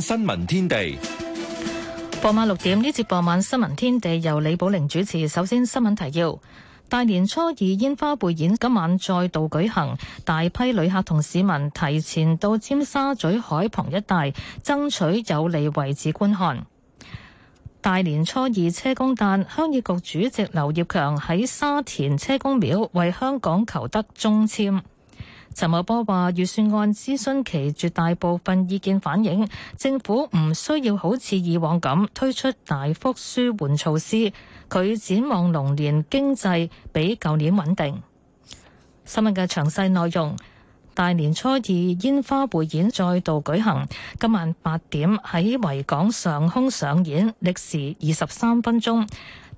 新聞天地，傍晚六點呢節傍晚新聞天地由李寶玲主持。首先新聞提要：大年初二煙花匯演今晚再度舉行，大批旅客同市民提前到尖沙咀海旁一帶爭取有利位置觀看。大年初二車公誕，鄉議局主席劉業強喺沙田車公廟為香港求得中簽。陳茂波話：預算案諮詢期絕大部分意見反映，政府唔需要好似以往咁推出大幅舒緩措施。佢展望龍年經濟比舊年穩定。新聞嘅詳細內容，大年初二煙花匯演再度舉行，今晚八點喺維港上空上演，歷時二十三分鐘。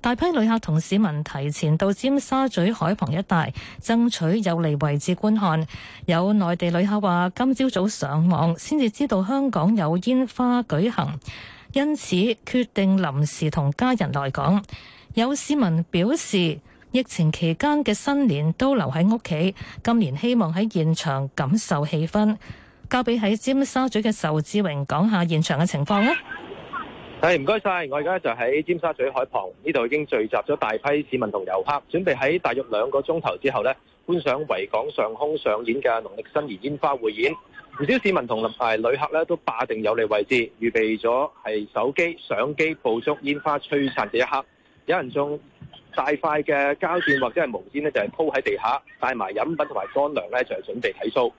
大批旅客同市民提前到尖沙咀海旁一帶爭取有利位置觀看。有內地旅客話今朝早上網先至知道香港有煙花舉行，因此決定臨時同家人來港。有市民表示，疫情期間嘅新年都留喺屋企，今年希望喺現場感受氣氛。交俾喺尖沙咀嘅仇志榮講下現場嘅情況啦。係，唔該晒，我而家就喺尖沙咀海旁，呢度已經聚集咗大批市民同遊客，準備喺大約兩個鐘頭之後呢，觀賞維港上空上演嘅農曆新年煙花匯演。唔少市民同埋旅客呢，都霸定有利位置，預備咗係手機、相機捕捉煙花璀璨嘅一刻。有人用大塊嘅膠片或者係毛毯呢，就係鋪喺地下，帶埋飲品同埋乾糧呢，就係、是、準備睇 show。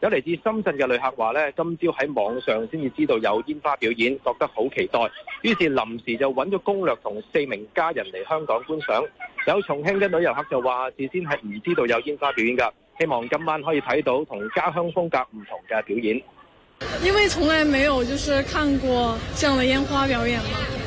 有嚟自深圳嘅旅客話咧，今朝喺網上先至知道有煙花表演，覺得好期待，於是臨時就揾咗攻略同四名家人嚟香港觀賞。有重慶嘅旅遊客就話，事先係唔知道有煙花表演㗎，希望今晚可以睇到同家鄉風格唔同嘅表演。因為從來沒有就是看過這樣的煙花表演嘛。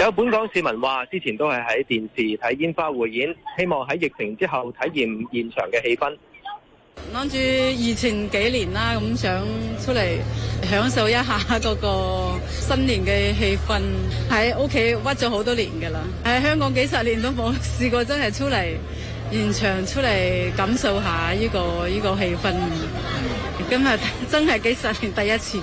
有本港市民話，之前都係喺電視睇煙花匯演，希望喺疫情之後體驗現場嘅氣氛。諗住以前幾年啦，咁想出嚟享受一下嗰個新年嘅氣氛。喺屋企屈咗好多年噶啦，喺香港幾十年都冇試過真，真係出嚟現場出嚟感受一下呢個呢個氣氛。今日真係幾十年第一次。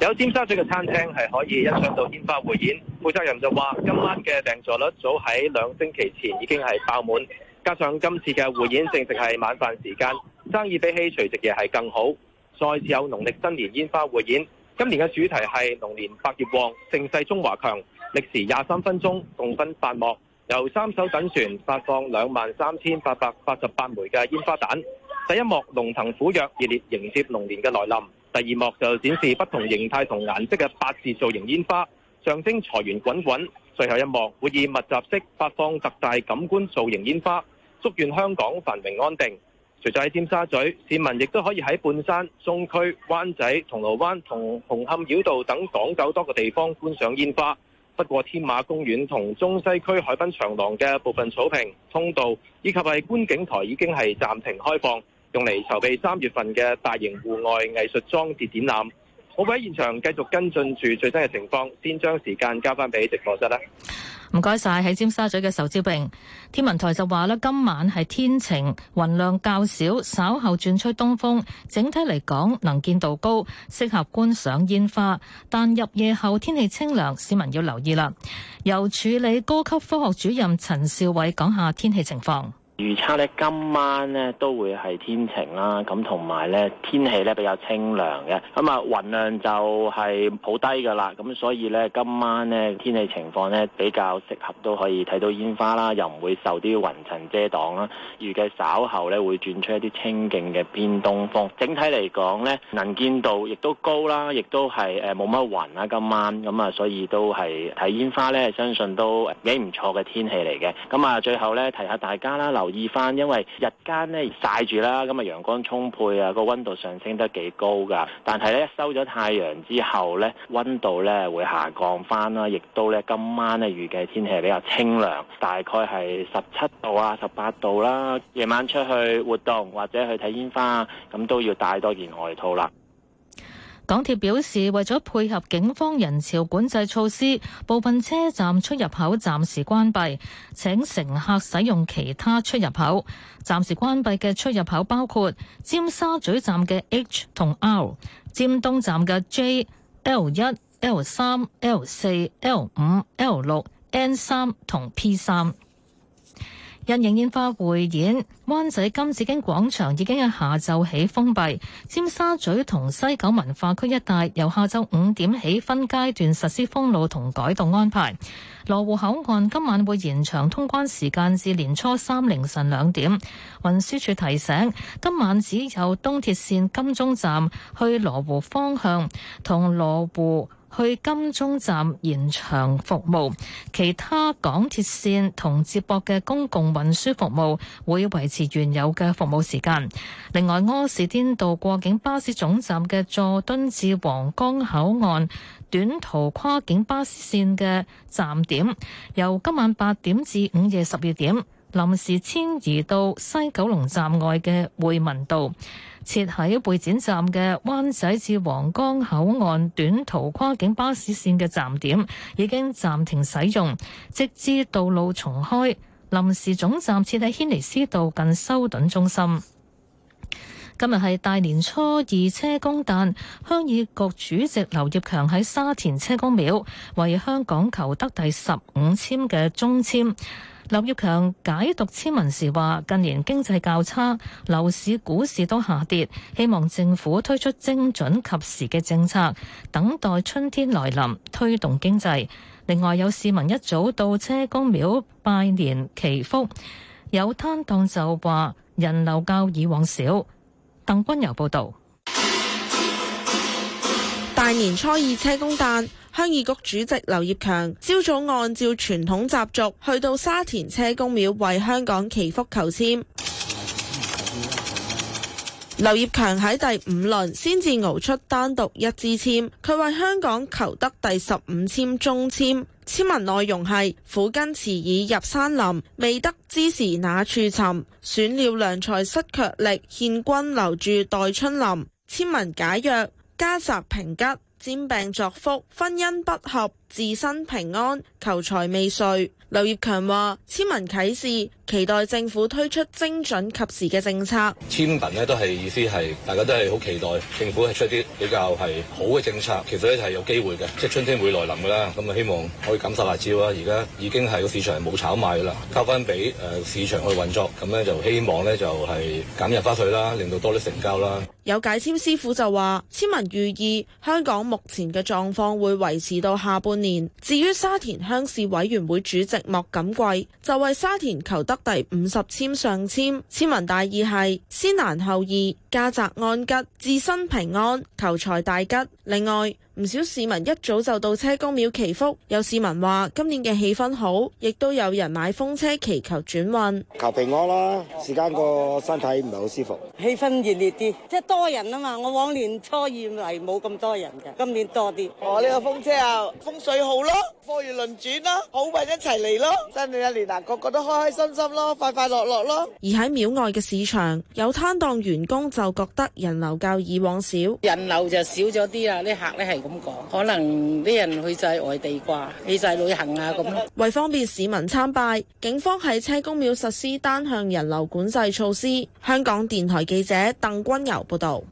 有尖沙咀嘅餐廳係可以欣賞到煙花匯演。負責人就話：今晚嘅訂座率早喺兩星期前已經係爆滿，加上今次嘅匯演正值係晚飯時間，生意比起除夕夜係更好。再次有農曆新年煙花匯演，今年嘅主題係龍年百業旺，盛世中華強。歷時廿三分鐘，共分八幕，由三艘躉船發放兩萬三千八百八十八枚嘅煙花彈。第一幕龍騰虎躍，熱烈迎接龍年嘅來臨；第二幕就展示不同形態同顏色嘅八字造型煙花。象徵財源滾滾，最後一幕會以密集式發放特大感官造型煙花，祝願香港繁榮安定。除咗喺尖沙咀，市民亦都可以喺半山、中區、灣仔、銅鑼灣同紅磡繞，繞道等港九多個地方觀賞煙花。不過，天馬公園同中西區海濱長廊嘅部分草坪、通道以及係觀景台已經係暫停開放，用嚟籌備三月份嘅大型戶外藝術裝置展覽。我喺現場繼續跟進住最新嘅情況，先將時間交翻俾直播室啦。唔該晒，喺尖沙咀嘅受招病。天文台就話咧今晚係天晴，雲量較少，稍後轉吹東風，整體嚟講能見度高，適合觀賞煙花。但入夜後天氣清涼，市民要留意啦。由處理高級科學主任陳兆偉講下天氣情況。預測咧今晚咧都會係天晴啦，咁同埋咧天氣咧比較清涼嘅，咁啊雲量就係好低噶啦，咁所以咧今晚咧天氣情況咧比較適合都可以睇到煙花啦，又唔會受啲雲層遮擋啦。預計稍後咧會轉出一啲清勁嘅偏東風，整體嚟講咧能見度亦都高啦，亦都係誒冇乜雲啦今晚，咁啊所以都係睇煙花咧，相信都幾唔錯嘅天氣嚟嘅。咁啊最後咧提下大家啦，留熱翻，因為日間咧曬住啦，咁啊陽光充沛啊，個溫度上升得幾高㗎。但係咧收咗太陽之後咧，溫度咧會下降翻啦。亦都咧今晚咧預計天氣比較清涼，大概係十七度啊、十八度啦。夜晚出去活動或者去睇煙花，咁都要帶多件外套啦。港鐵表示，為咗配合警方人潮管制措施，部分車站出入口暫時關閉，請乘客使用其他出入口。暫時關閉嘅出入口包括尖沙咀站嘅 H 同 R、尖東站嘅 J、L 一、L 三、L 四、L 五、L 六、N 三同 P 三。人形煙花匯演，灣仔金紫荊廣場已經係下晝起封閉；尖沙咀同西九文化區一帶由下晝五點起分階段實施封路同改道安排。羅湖口岸今晚會延長通關時間至年初三凌晨兩點。運輸署提醒，今晚只有東鐵線金鐘站去羅湖方向同羅湖。去金鐘站延長服務，其他港鐵線同接駁嘅公共運輸服務會維持原有嘅服務時間。另外，柯士甸道過境巴士總站嘅佐敦至皇崗口岸短途跨境巴士線嘅站點，由今晚八點至午夜十二點，臨時遷移到西九龍站外嘅匯民道。設喺會展站嘅灣仔至皇崗口岸短途跨境巴士線嘅站點已經暫停使用，直至道路重開。臨時總站設喺軒尼詩道近修頓中心。今日係大年初二，車公誕，鄉議局主席劉業強喺沙田車公廟為香港求得第十五籤嘅中籤。劉業強解讀簽文時話：近年經濟較差，樓市、股市都下跌，希望政府推出精準及時嘅政策，等待春天來臨，推動經濟。另外有市民一早到車公廟拜年祈福，有攤檔就話人流較以往少。鄧君游報道。大年初二車公誕。鄉議局主席劉業強朝早按照傳統習俗去到沙田車公廟為香港祈福求簽。劉 業強喺第五輪先至熬出單獨一支簽，佢為香港求得第十五簽中簽。簽文內容係：苦根遲已入山林，未得之時哪處尋？選了良才失卻力，獻君留住待春林。簽文解曰：家宅平吉。占病作福，婚姻不合。自身平安，求財未遂。劉業強話：簽文啟示，期待政府推出精準及時嘅政策。簽文呢都係意思係，大家都係好期待政府係出啲比較係好嘅政策。其實呢係有機會嘅，即係春天會來臨噶啦。咁啊希望可以減殺辣椒啦。而家已經係個市場係冇炒賣噶啦，交翻俾誒市場去運作。咁呢，就希望呢就係、是、減入翻去啦，令到多啲成交啦。有解簽師傅就話：簽文寓意香港目前嘅狀況會維持到下半。年。至於沙田鄉事委員會主席莫錦貴就為沙田求得第五十簽上簽，簽文大意係先難後易，家宅安吉，自身平安，求財大吉。另外。唔少市民一早就到車公廟祈福，有市民話今年嘅氣氛好，亦都有人買風車祈求轉運，求平安啦。時間個身體唔係好舒服，氣氛熱烈啲，即係多人啊嘛。我往年初二嚟冇咁多人嘅，今年多啲。哦，呢個風車啊，風水好咯。月輪轉啦，好快一齊嚟咯！新嘅一年嗱，個個都開開心心咯，快快樂樂咯。而喺廟外嘅市場，有攤檔員工就覺得人流較以往少，人流就少咗啲啦。啲客咧係咁講，可能啲人去晒外地啩，去晒旅行啊咁。為方便市民參拜，警方喺車公廟實施單向人流管制措施。香港電台記者鄧君游報道。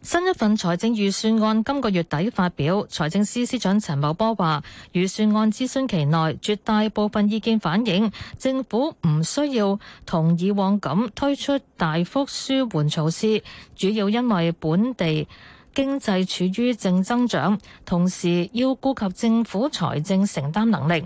新一份財政預算案今個月底發表，財政司司長陳茂波話：預算案諮詢期內絕大部分意見反映政府唔需要同以往咁推出大幅舒緩措施，主要因為本地經濟處於正增長，同時要顧及政府財政承擔能力。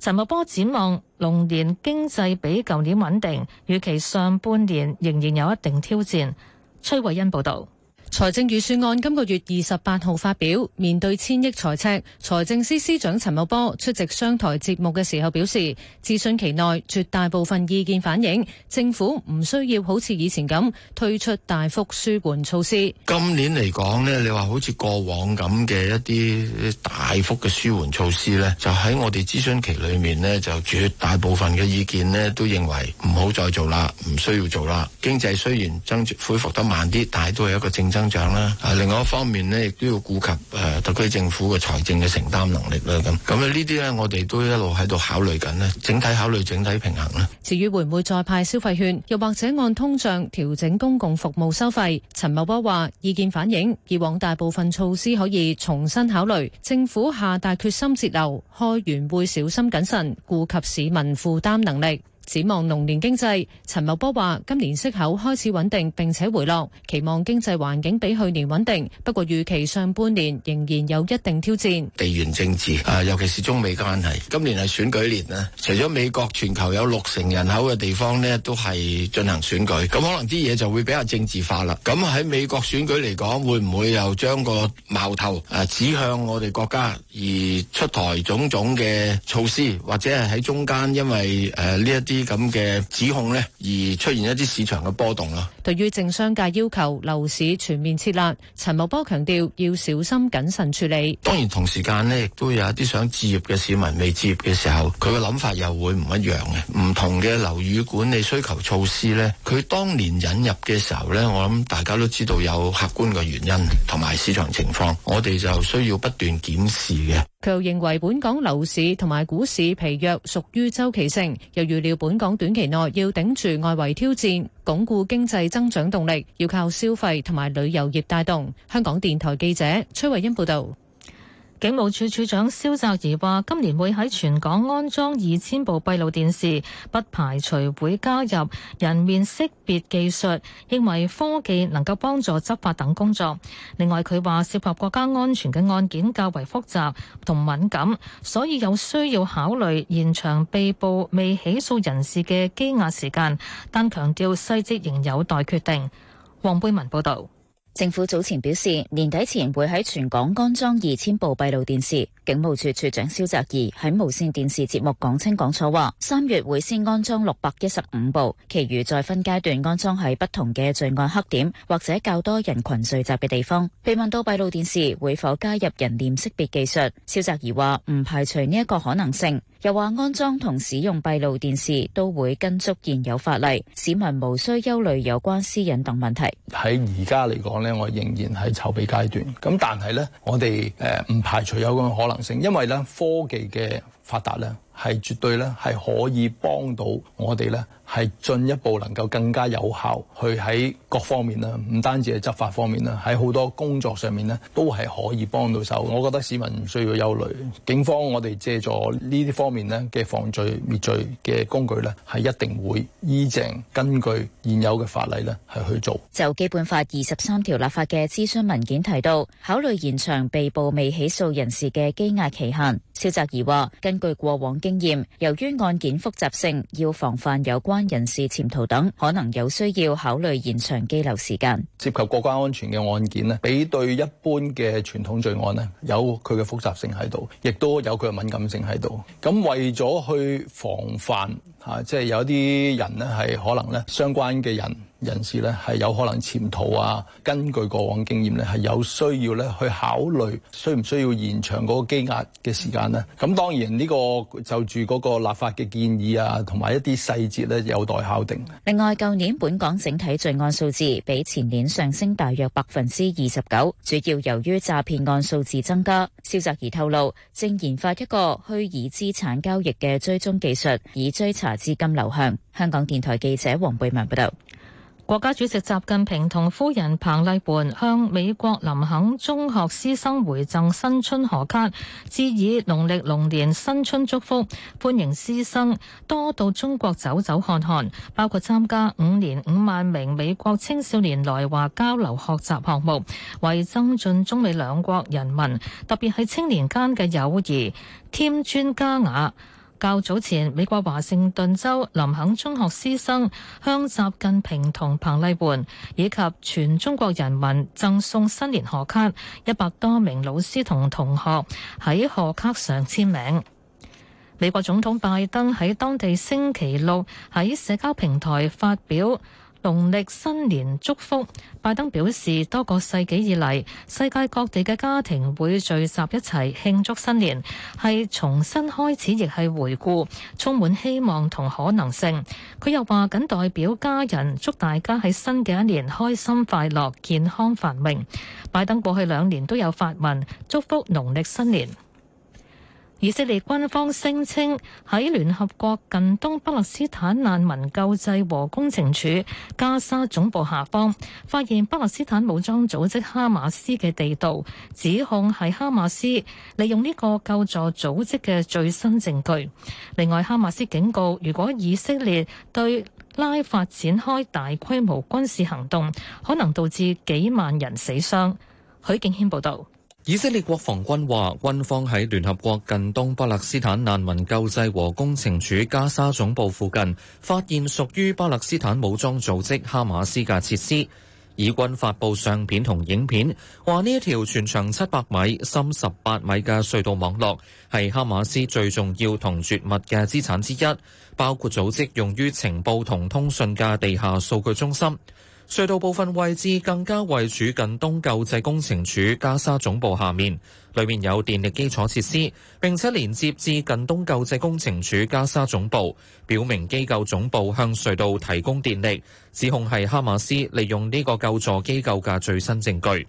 陳茂波展望龍年經濟比舊年穩定，預期上半年仍然有一定挑戰。崔慧恩報導。財政預算案今個月二十八號發表，面對千億財赤，財政司司長陳茂波出席商台節目嘅時候表示，諮詢期內絕大部分意見反映，政府唔需要好似以前咁推出大幅舒緩措施。今年嚟講呢，你話好似過往咁嘅一啲大幅嘅舒緩措施呢，就喺我哋諮詢期裏面呢，就絕大部分嘅意見呢都認為唔好再做啦，唔需要做啦。經濟雖然增恢復得慢啲，但係都係一個正增增長啦，啊，另外一方面咧，亦都要顧及誒，特區政府嘅財政嘅承擔能力啦，咁，咁啊呢啲咧，我哋都一路喺度考慮緊咧，整體考慮，整體平衡咧。至於會唔會再派消費券，又或者按通脹調整公共服務收費？陳茂波話，意見反映以往大部分措施可以重新考慮，政府下大決心節流，開源會小心謹慎，顧及市民負擔能力。展望龍年經濟，陳茂波話：今年息口開始穩定並且回落，期望經濟環境比去年穩定。不過預期上半年仍然有一定挑戰。地緣政治啊，尤其是中美關係，今年係選舉年咧，除咗美國，全球有六成人口嘅地方咧，都係進行選舉，咁可能啲嘢就會比較政治化啦。咁喺美國選舉嚟講，會唔會又將個矛頭啊指向我哋國家而出台種種嘅措施，或者係喺中間因為誒呢一，呃啲咁嘅指控咧，而出現一啲市場嘅波動啦。對於政商界要求樓市全面設立，陳茂波強調要小心謹慎處理。當然同時間咧，亦都有一啲想置業嘅市民未置業嘅時候，佢嘅諗法又會唔一樣嘅。唔同嘅樓宇管理需求措施咧，佢當年引入嘅時候咧，我諗大家都知道有客觀嘅原因同埋市場情況，我哋就需要不斷檢視嘅。佢又認為本港樓市同埋股市疲弱屬於周期性，又預料。本港短期內要頂住外圍挑戰，鞏固經濟增長動力，要靠消費同埋旅遊業帶動。香港電台記者崔慧欣報道。警務處處長蕭澤頤話：今年會喺全港安裝二千部閉路電視，不排除會加入人面識別技術，認為科技能夠幫助執法等工作。另外他說，佢話涉及國家安全嘅案件較為複雜同敏感，所以有需要考慮延長被捕未起訴人士嘅羈押時間，但強調細節仍有待決定。黃貝文報道。政府早前表示，年底前會喺全港安裝二千部閉路電視。警務處處長蕭澤頤喺無線電視節目講清講楚話，三月會先安裝六百一十五部，其餘再分階段安裝喺不同嘅罪案黑點或者較多人群聚集嘅地方。被問到閉路電視會否加入人臉識別技術，蕭澤頤話唔排除呢一個可能性。又話安裝同使用閉路電視都會跟足現有法例，市民無需憂慮有關私隱等問題。喺而家嚟講呢，我仍然喺籌備階段。咁但係呢，我哋誒唔排除有咁可能。因為咧，科技嘅發達咧。係絕對咧，係可以幫到我哋咧，係進一步能夠更加有效去喺各方面啦，唔單止係執法方面啦，喺好多工作上面咧都係可以幫到手。我覺得市民唔需要憂慮，警方我哋借助呢啲方面咧嘅防罪滅罪嘅工具咧，係一定會依正根據現有嘅法例咧係去做。就基本法二十三條立法嘅諮詢文件提到，考慮延長被捕未起訴人士嘅羈押期限。蕭澤頤話，根據過往經驗，由於案件複雜性，要防範有關人士潛逃等，可能有需要考慮延長羈留時間。涉及國家安全嘅案件咧，比對一般嘅傳統罪案咧，有佢嘅複雜性喺度，亦都有佢嘅敏感性喺度。咁為咗去防範吓，即係有啲人咧係可能咧相關嘅人，人士呢，係有可能潛逃啊。根據過往經驗呢，係有需要呢去考慮需唔需要延長嗰個羈押嘅時間呢，咁當然呢個就住嗰個立法嘅建議啊，同埋一啲細節呢有待敲定。另外，舊年本港整體罪案數字比前年上升大約百分之二十九，主要由於詐騙案數字增加。肖澤怡透露，正研發一個虛擬資產交易嘅追蹤技術，以追查資金流向。香港電台記者黃貝文報道。國家主席習近平同夫人彭麗媛向美國林肯中學師生回贈新春賀卡，致以農曆龍年新春祝福，歡迎師生多到中國走走看看，包括參加五年五萬名美國青少年來華交流學習項目，為增進中美兩國人民特別係青年間嘅友誼添磚加瓦。較早前，美國華盛頓州林肯中學師生向習近平同彭麗媛以及全中國人民贈送新年賀卡，一百多名老師同同學喺賀卡上簽名。美國總統拜登喺當地星期六喺社交平台發表。農曆新年祝福，拜登表示，多個世紀以來，世界各地嘅家庭會聚集一齊慶祝新年，係重新開始，亦係回顧，充滿希望同可能性。佢又話，僅代表家人，祝大家喺新嘅一年開心快樂、健康繁榮。拜登過去兩年都有發文祝福農曆新年。以色列軍方聲稱喺聯合國近東巴勒斯坦難民救濟和工程處加沙總部下方發現巴勒斯坦武裝組織哈馬斯嘅地道，指控係哈馬斯利用呢個救助組織嘅最新證據。另外，哈馬斯警告，如果以色列對拉法展開大規模軍事行動，可能導致幾萬人死傷。許敬軒報導。以色列國防軍話，軍方喺聯合國近東巴勒斯坦難民救濟和工程處加沙總部附近發現屬於巴勒斯坦武裝組織哈馬斯嘅設施。以軍發布相片同影片，話呢一條全長七百米、深十八米嘅隧道網絡係哈馬斯最重要同絕密嘅資產之一，包括組織用於情報同通訊嘅地下數據中心。隧道部分位置更加位處近東救濟工程署加沙總部下面，裏面有電力基礎設施，並且連接至近東救濟工程署加沙總部，表明機構總部向隧道提供電力，指控係哈馬斯利用呢個救助機構嘅最新證據。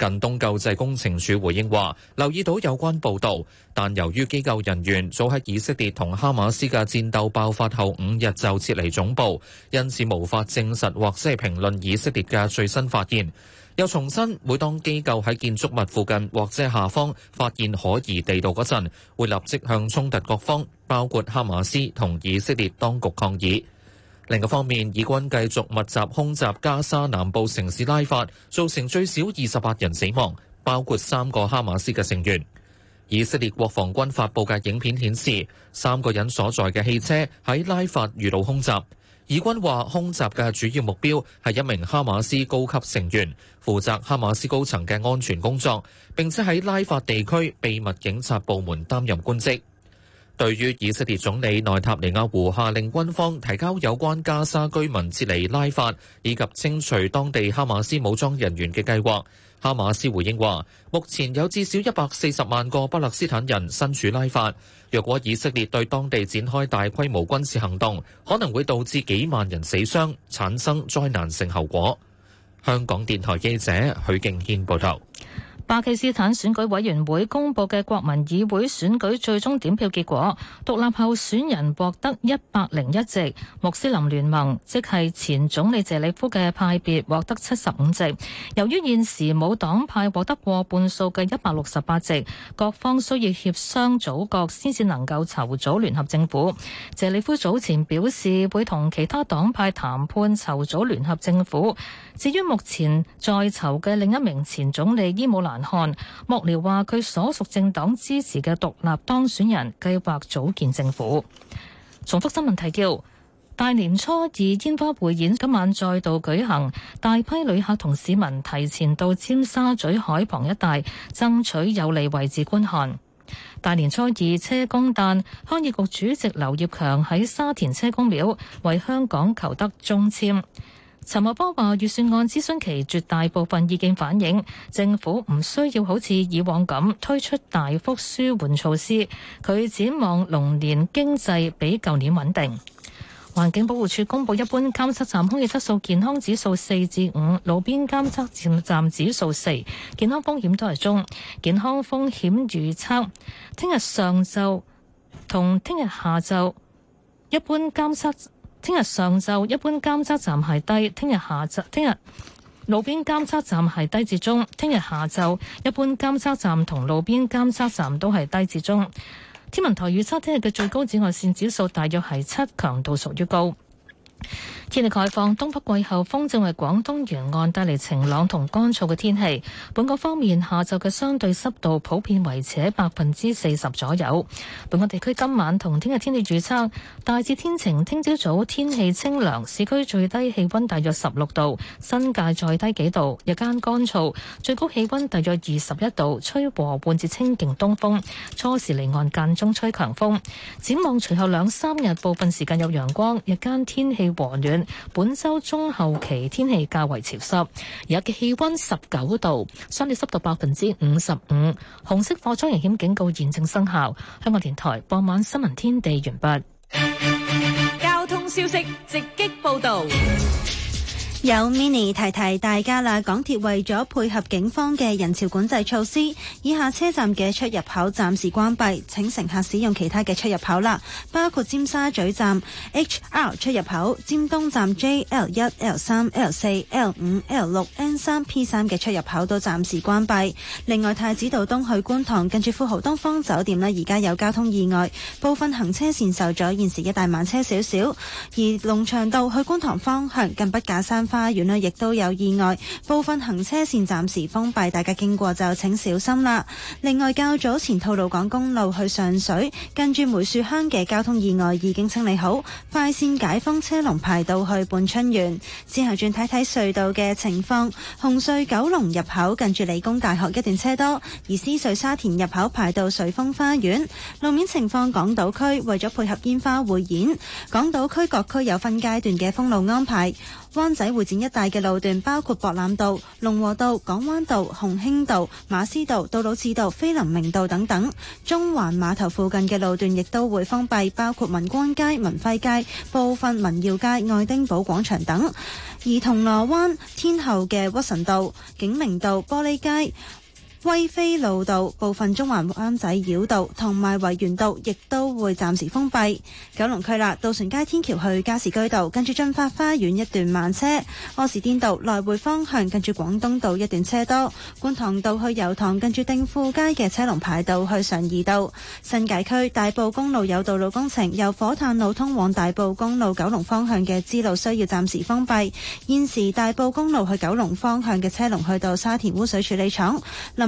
近東救濟工程署回應話，留意到有關報道，但由於機構人員早喺以色列同哈馬斯嘅戰鬥爆發後五日就撤離總部，因此無法證實或者係評論以色列嘅最新發現。又重申，每當機構喺建築物附近或者下方發現可疑地道嗰陣，會立即向衝突各方，包括哈馬斯同以色列當局抗議。另一方面，以軍繼續密集空襲加沙南部城市拉法，造成最少二十八人死亡，包括三個哈馬斯嘅成員。以色列國防軍發佈嘅影片顯示，三個人所在嘅汽車喺拉法遇到空襲。以軍話，空襲嘅主要目標係一名哈馬斯高級成員，負責哈馬斯高層嘅安全工作，並且喺拉法地區秘密警察部門擔任官職。對於以色列總理內塔尼亞胡下令軍方提交有關加沙居民撤離拉法以及清除當地哈馬斯武裝人員嘅計劃，哈馬斯回應話：目前有至少一百四十萬個巴勒斯坦人身處拉法，若果以色列對當地展開大規模軍事行動，可能會導致幾萬人死傷，產生災難性後果。香港電台記者許敬軒報道。巴基斯坦選舉委員會公布嘅國民議會選舉最終點票結果，獨立候選人獲得一百零一席，穆斯林聯盟即係前總理謝里夫嘅派別獲得七十五席。由於現時冇黨派獲得過半數嘅一百六十八席，各方需要協商組閣先至能夠籌組聯合政府。謝里夫早前表示會同其他黨派談判籌組聯合政府。至於目前在囚嘅另一名前總理伊姆蘭，看幕僚話佢所屬政黨支持嘅獨立當選人計劃組建政府。重複新聞提要。大年初二煙花匯演今晚再度舉行，大批旅客同市民提前到尖沙咀海旁一帶爭取有利位置觀看。大年初二車公誕，鄉議局主席劉業強喺沙田車公廟為香港求得中簽。陳茂波話：預算案諮詢期絕大部分意見反映，政府唔需要好似以往咁推出大幅舒緩措施。佢展望龍年經濟比舊年穩定。環境保護署公布，一般監測站空氣質素健康指數四至五，路邊監測站站指數四，健康風險都係中。健康風險預測，聽日上晝同聽日下晝，一般監測。聽日上晝一般監測站係低，聽日下晝，聽日，路邊監測站係低至中，聽日下晝一般監測站同路邊監測站都係低至中。天文台預測聽日嘅最高紫外線指數大約係七，強度屬於高。天氣概況，東北季候風正為廣東沿岸帶嚟晴朗同乾燥嘅天氣。本港方面，下晝嘅相對濕度普遍維持喺百分之四十左右。本港地區今晚同聽日天氣預測大致天晴，聽朝早，早天氣清涼，市區最低氣溫大約十六度，新界再低幾度。日間乾燥，最高氣溫大約二十一度，吹和緩至清勁東風，初時離岸間中吹強風。展望隨後兩三日，部分時間有陽光，日間天氣和暖。本周中後期天氣較為潮濕，而家嘅氣溫十九度，相對濕度百分之五十五，紅色火災危險警告現正生效。香港電台傍晚新聞天地完畢。交通消息直擊報道。有 mini 提提大家啦，港鐵為咗配合警方嘅人潮管制措施，以下車站嘅出入口暫時關閉，請乘客使用其他嘅出入口啦，包括尖沙咀站 H、R 出入口，尖東站 J、L 一、L 三、L 四、L 五、L 六、N 三、P 三嘅出入口都暫時關閉。另外，太子道東去觀塘，近住富豪東方酒店咧，而家有交通意外，部分行車綫受阻，現時嘅大慢車少少。而龍翔道去觀塘方向近不假山花園呢亦都有意外，部分行車線暫時封閉，大家經過就請小心啦。另外較早前吐露港公路去上水，近住梅樹坑嘅交通意外已經清理好，快線解封，車龍排到去半春園。之後轉睇睇隧道嘅情況，紅隧九龍入口近住理工大學一段車多，而獅隧沙田入口排到瑞峰花園，路面情況，港島區為咗配合煙花匯演，港島區各區有分階段嘅封路安排，灣仔。會展一帶嘅路段包括博覽道、龍和道、港灣道、鴻興道、馬師道、杜老誌道、菲林明道等等。中環碼頭附近嘅路段亦都會封閉，包括民光街、民輝街、部分民耀街、愛丁堡廣場等。而銅鑼灣、天后嘅屈臣道、景明道、玻璃街。威菲路道部分、中環灣仔繞道同埋維園道亦都會暫時封閉。九龍區啦，渡船街天橋去加士居道，跟住進發花園一段慢車；柯士甸道來回方向跟住廣東道一段車多。觀塘道去油塘，跟住定富街嘅車龍排到去常怡道。新界區大埔公路有道路工程，由火炭路通往大埔公路九龍方向嘅支路需要暫時封閉。現時大埔公路去九龍方向嘅車龍去到沙田污水處理廠。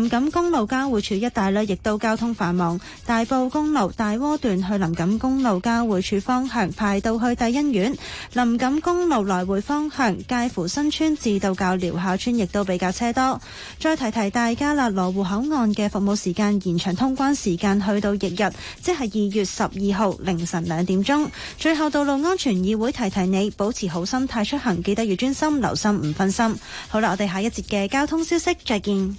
林錦公路交匯處一帶咧，亦都交通繁忙，大埔公路大窩段去林錦公路交匯處方向排到去帝欣苑；林錦公路來回方向介乎新村至到較寮下村，亦都比較車多。再提提大家啦，羅湖口岸嘅服務時間延長，通關時間去到翌日，即係二月十二號凌晨兩點鐘。最後，道路安全議會提提你，保持好心態出行，記得要專心留心，唔分心。好啦，我哋下一節嘅交通消息再見。